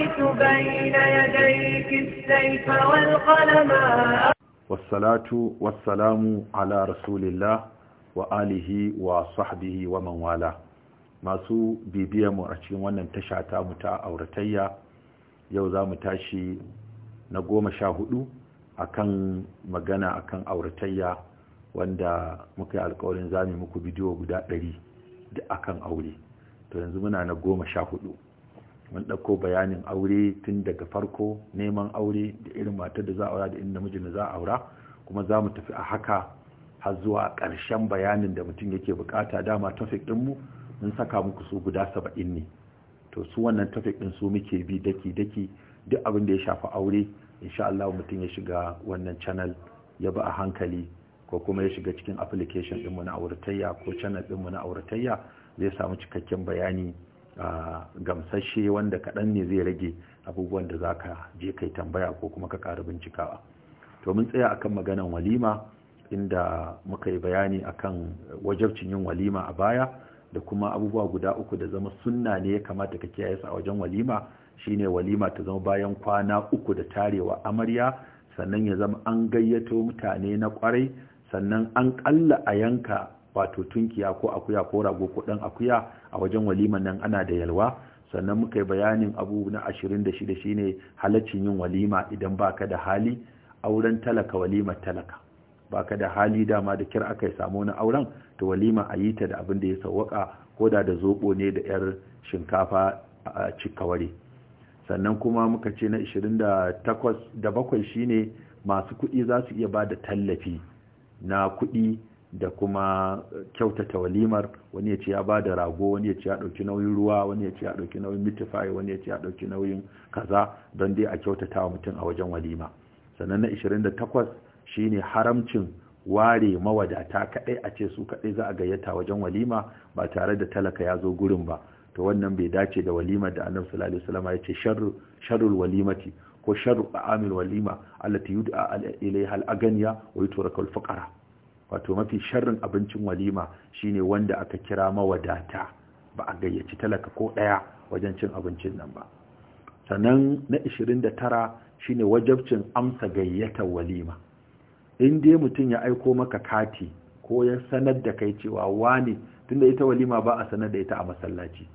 بين يديك السيف والقلم والصلاة والسلام على رسول الله وآله وصحبه ومن والاه masu mu a cikin wannan tasha ta mu ta auratayya yau za mu tashi na goma sha hudu akan magana akan auratayya wanda muka yi alkawarin zami muku bidiyo guda ɗari da akan aure to yanzu muna na goma sha hudu mun ɗauko bayanin aure tun daga farko neman aure da irin matar da za a aura da inda mijin za a aura kuma za mu tafi a haka har zuwa ƙarshen bayanin da mutum yake bukata dama tafik ɗinmu mun saka muku su guda saba'in ne to su wannan tafik ɗin su muke bi daki-daki duk abin da ya shafi aure insha Allah mutum ya shiga wannan channel ya bi a hankali ko kuma ya shiga cikin application ɗinmu na auratayya ko channel ɗinmu na auratayya zai samu cikakken bayani gamsashe wanda kaɗan ne zai rage abubuwan da za ka je kai tambaya ko kuma ka ƙara bincikawa to mun tsaya akan maganan walima inda muka yi bayani akan wajabcin yin walima a baya da kuma abubuwa guda uku da zama sunna ne ya kamata ka kiyaye su a wajen walima shine walima ta zama bayan kwana uku da tarewa amarya sannan ya zama an gayyato mutane na kwarai sannan an ƙalla a yanka wato tunkiya ko akuya ko rago ko dan akuya a wajen waliman nan ana da yalwa sannan muka yi bayanin abu na 26 shine halaccin yin walima idan baka da hali auren talaka walima talaka baka da hali dama da kyar aka samu na auren to walima a yi ta da abin da ya sauwaka ko da da zobo ne da yar shinkafa a cikaware sannan kuma muka ce na 28 da bakwai shine masu kuɗi za su iya bada tallafi na kuɗi da kuma kyautata walimar wani ya ce ya ba da rago wani ya ce ya ɗauki nauyin ruwa wani ya ce ya ɗauki nauyin mitifai wani ya ce ya ɗauki nauyin kaza don dai a kyautata wa mutum a wajen walima sannan na 28 shine haramcin ware mawadata kaɗai a ce su kaɗai za a gayyata wajen walima ba tare da talaka ya zo gurin ba to wannan bai dace da walima da annabi sallallahu alaihi wasallam ya ce sharrul walimati ko sharru amil walima allati yud'a ilayha al aganiya wa yutrakul fuqara wato mafi sharrin abincin walima shine wanda aka kira mawadata ba a gayyaci talaka ko ɗaya wajen cin abincin nan ba sannan na 29 shine wajabcin amsa gayyatar walima in dai mutum ya aiko maka kati ko ya sanar da kai cewa wani tunda ita walima ba a sanar da ita a masallaci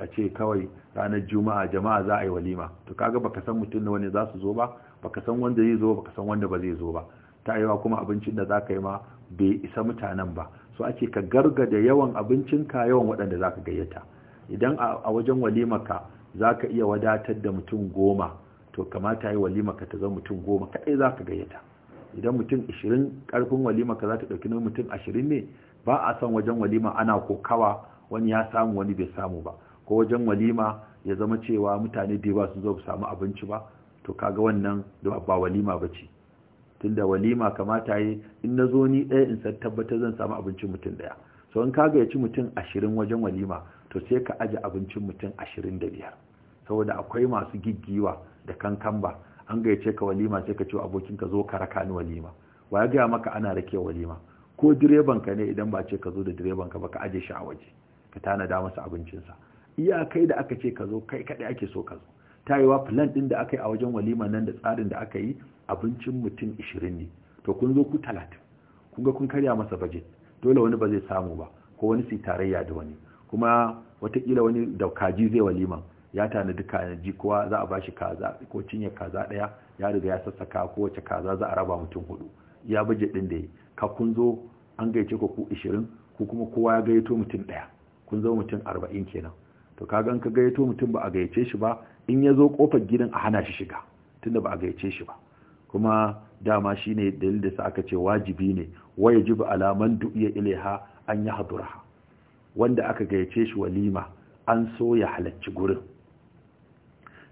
a ce kawai ranar juma'a jama'a za a yi walima to kaga baka san mutum na wani za su zo ba baka san wanda zai zo baka san wanda ba zai zo ba ta yawa kuma abincin da za ka yi ma bai isa mutanen ba so ake ka gargada yawan abincinka yawan waɗanda za ka gayyata idan a wajen walimaka za ka iya wadatar da mutum goma to kamata yi walimaka ta zama mutum goma kaɗai za ka gayyata idan mutum ashirin ƙarfin walimaka za ta ɗauki na mutum ashirin ne ba a son wajen walima ana kokawa wani ya samu wani bai samu ba ko wajen walima ya zama cewa mutane da yawa sun zo su samu abinci ba to kaga wannan ba walima ba ce tunda walima kamata yi in na zo ni ɗaya in san tabbatar zan samu abincin mutum ɗaya so in kaga ya ci mutum ashirin wajen walima to sai ka aje abincin mutum ashirin da biyar saboda akwai masu giggiwa da kankamba an gayyace ka walima sai ka ce abokin ka zo ka raka ni walima wa ya gaya maka ana rake walima ko direban ka ne idan ba ce ka zo da direban ka ba ka aje shi a waje ka tanada masa abincinsa iya kai da aka ce ka zo kai kaɗai ake so ka zo ta plan ɗin da aka yi a wajen walima nan da tsarin da aka yi abincin mutum ishirin ne to kun zo ku 30 kun ga kun karya masa budget dole wani ba zai samu ba ko wani sai tarayya da wani kuma watakila wani da kaji zai waliman ya tanadi kaji kowa za a bashi kaza ko cinye kaza daya ya riga ya sassaka ko wace kaza za a raba mutum hudu ya budget din da yi ka kun zo an gaice ku ku 20 ko kuma kowa ya gayyato mutum daya kun zo mutum arba'in kenan to kaga an ka gayyato mutum ba a gayyace shi ba in ya zo kofar gidan a hana shi shiga tunda ba a gayyace shi ba kuma dama shine dalil da sa aka ce wajibi ne waya ba alaman du'iya ilaiha an yi haɗura wanda aka gayyace shi walima an so ya halarci gurin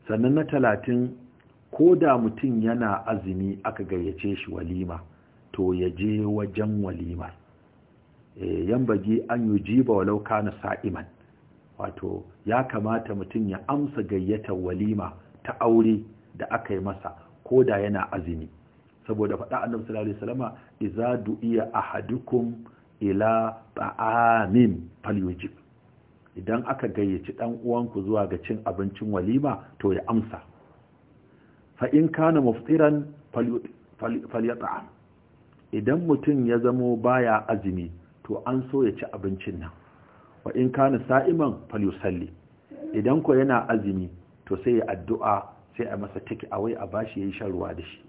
sannan na talatin ko da mutum yana azumi aka gayyace shi walima to ya je wajen walimar eh, yan bagi an yi ji jiba walau kana sa'iman wato ya kamata mutum ya amsa gayyatar walima ta aure da aka yi masa ko da yana azumi saboda faɗa annabi sallallahu alaihi wasallama idza du'iya ahadukum ila ta'amin falyujib idan aka gayyaci ɗan uwanku zuwa ga cin abincin walima to ya amsa fa in kana muftiran falyat'am idan mutum ya zamo baya azumi to an so ya ci abincin nan wa in kana sa'iman falyusalli idan ko yana azumi to sai ya addu'a sai a masa take away a bashi yayin shan ruwa da shi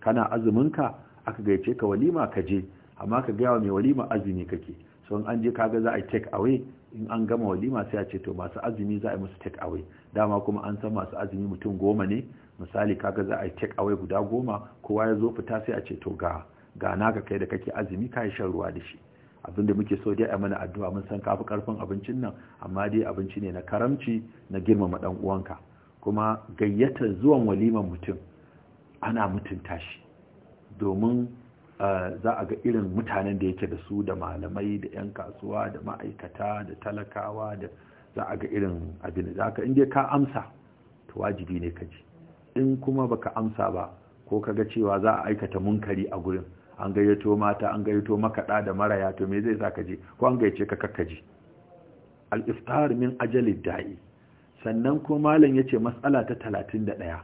kana azumin ka aka gaice ka walima ka je amma ka gaya wa mai walima azumi kake so in an je kaga za a take away in an gama walima sai a ce to masu azumi za a yi musu take away dama kuma an san masu azumi mutum goma ne misali kaga za a yi take away guda goma kowa ya zo fita sai a ce to ga ga naka kai da kake azumi kai shan ruwa da shi abinda muke so dai a mana addu'a mun san kafi karfin abincin nan amma dai abinci ne na karamci na girmama dan uwanka kuma gayyatar zuwan waliman mutum ana mutunta shi domin eh, za a ga irin mutanen da yake da su da malamai da 'yan kasuwa da ma'aikata da talakawa da za a ga irin abin da aka inda ka amsa to wajibi ne ka ji in kuma baka amsa ba ko kaga cewa za a aikata munkari a gurin an gayyato mata an gayyato makaɗa da maraya to me zai sa ka je ko an gayyace ka kakkaji al-iftar min ajali da'i sannan ko malam ya ce matsala ta talatin 31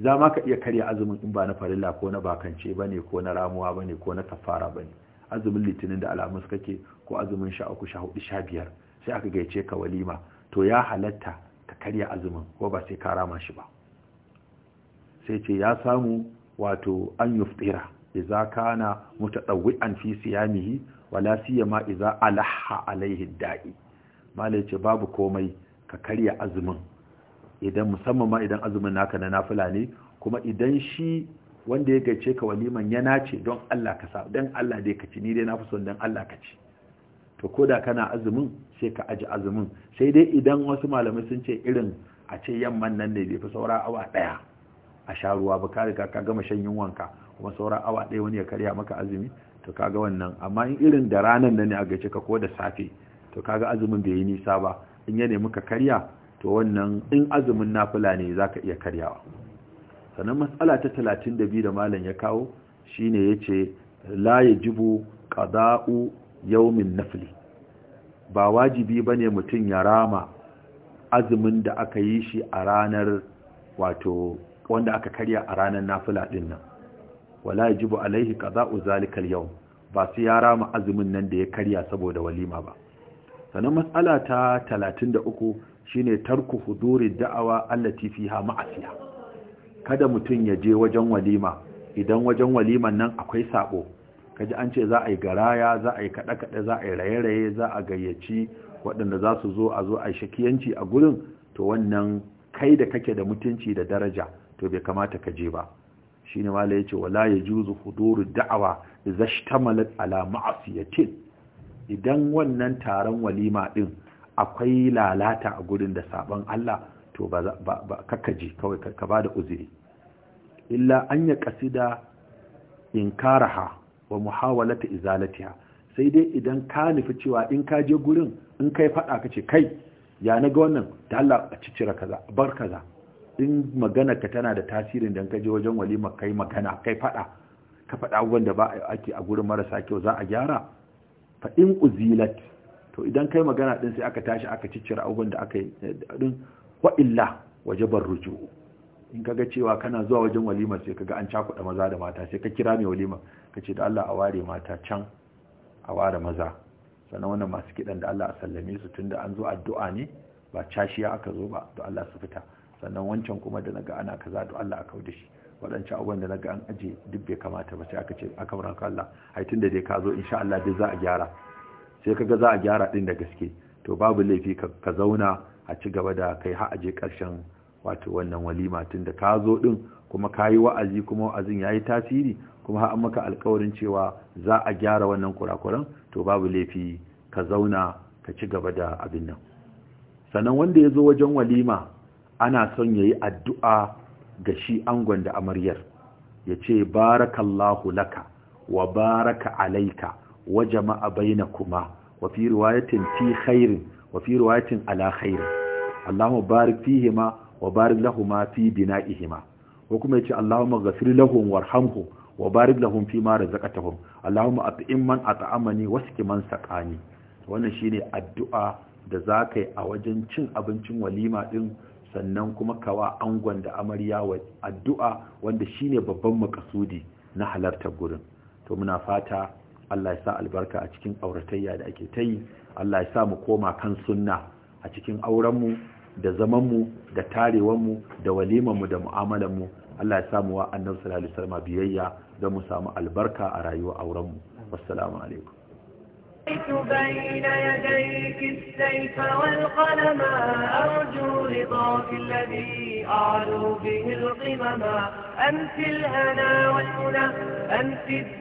za ma ka iya karya azumin in ba na farilla ko na bakance ba ne ko na ramuwa ba ne ko na kafara ba ne azumin litinin da suka kake ko azumin sha uku sha hudu sha biyar sai aka gaice ka walima to ya halatta ka karya azumin ko ba sai ka rama shi ba sai ce ya samu wato an yuftira idza kana mutadawwi'an fi siyamihi wala siyama idza alaha alaihi da'i malai ce babu komai ka karya azumin idan musamman ma idan azumin naka na nafila ne kuma idan shi wanda ya gace ka waliman ya nace don Allah ka sa don Allah dai ka ci ni dai na fi son don Allah ka ci to koda kana azumin sai ka aji azumin sai dai idan wasu malamai sun ce irin a ce yamman nan ne bai fi saura awa daya a sha ruwa ba ka riga ka gama shan yin wanka kuma saura awa daya wani ya karya maka azumi to kaga wannan amma irin da ranan nan ne a gace ka ko da safe to kaga azumin bai yi nisa ba in ya nemi ka karya to wannan in azumin nafila ne zaka iya karyawa sannan matsala ta 32 da malam ya kawo shine yace la yajibu qada'u yawmin nafli ba wajibi bane mutun ya rama azumin da aka yi shi a ranar wato wanda aka karya a ranar nafila din nan wala yajibu alaihi qada'u zalikal yawm ba su ya rama azumin nan da ya karya saboda walima ba sannan matsala ta 33 shine tarku huduri da'awa allati fiha ma'asiya kada mutum ya je wajen walima idan wajen waliman nan akwai sabo kaji an ce za a yi garaya za a yi kaɗe-kaɗe za a yi raye-raye za a gayyaci waɗanda za su zo a zo a shakiyanci a gurin to wannan kai da kake da mutunci da daraja to bai kamata ka je ba shine mala yace wala yajuzu huduru da'awa idza ala ma'asiyatin idan wannan taron walima ɗin akwai lalata a gurin da sabon Allah to ba kakkaji kawai ka ba da uzuri illa an ya kasida inkaraha wa muhawalata izalatiha sai dai idan ka nufi cewa in ka je gurin in kai fada kace kai ya na ga wannan da Allah a cicira kaza bar kaza in magana ka tana da tasirin dan ka je wajen walima kai magana kai fada ka fada abubuwan da ba ake a gurin marasa kyau za a gyara fa in to idan kai magana ɗin sai aka tashi aka ciccire abubuwan da aka yi eh, din wa illa wajabar ruju. in ga cewa kana zuwa wajen walima sai ka ga an cakuɗa maza da mata sai ka kira mai walima ce da Allah a ware mata can a ware maza sannan wannan masu kiɗan da Allah a sallame su tunda an zo addu'a ne ba cashiya aka zo ba to Allah su fita sannan wancan kuma da naga ana kaza to Allah a kaudashi shi waɗancan abubuwan da na an aje duk bai kamata ba sai aka ce aka murar Allah ai da dai ka zo insha Allah duk za a gyara sai ka ga za a gyara ɗin da gaske to babu laifi ka zauna a ci gaba da kai ha aje ƙarshen wato wannan walima tun da ka zo ɗin. kuma ka yi wa'azi kuma wa'azin ya yi tasiri kuma ha an maka alƙawarin cewa za a gyara wannan kurakuran to babu laifi ka zauna ka ci gaba da abin nan sannan wanda ya zo wajen walima ana son ya yi addu'a ga shi angon da amaryar ya ce barakallahu laka wa baraka alaika wa jama'a kuma, wa fi riwayatin fi khairin wa fi riwayatin ala khairin Allahumma barik fihima wa barik fi bina'ihima ko kuma yace Allahumma ghafir lahum warhamhum wa barik lahum fi ma razaqtahum Allahumma at'im man at'amani wasqi man saqani wannan shine addu'a da zakai a wajen cin abincin walima din sannan kuma kawa angon da amarya wa addu'a wanda shine babban makasudi na halartar gurin to muna fata Allah ya sa albarka a cikin auratayya da ake ta yi Allah ya sa mu koma kan sunna a cikin aurenmu da zamanmu da tarewanmu da walimanmu da mu'amalanmu Allah ya mu wa annabi sallallahu alaihi wasallam biyayya don mu samu albarka a rayuwar aurenmu wassalamu alaikum بين يديك السيف والقلم أرجو رضاك الذي أعلو به القمم أنت الهنا والمنى أنت الدنيا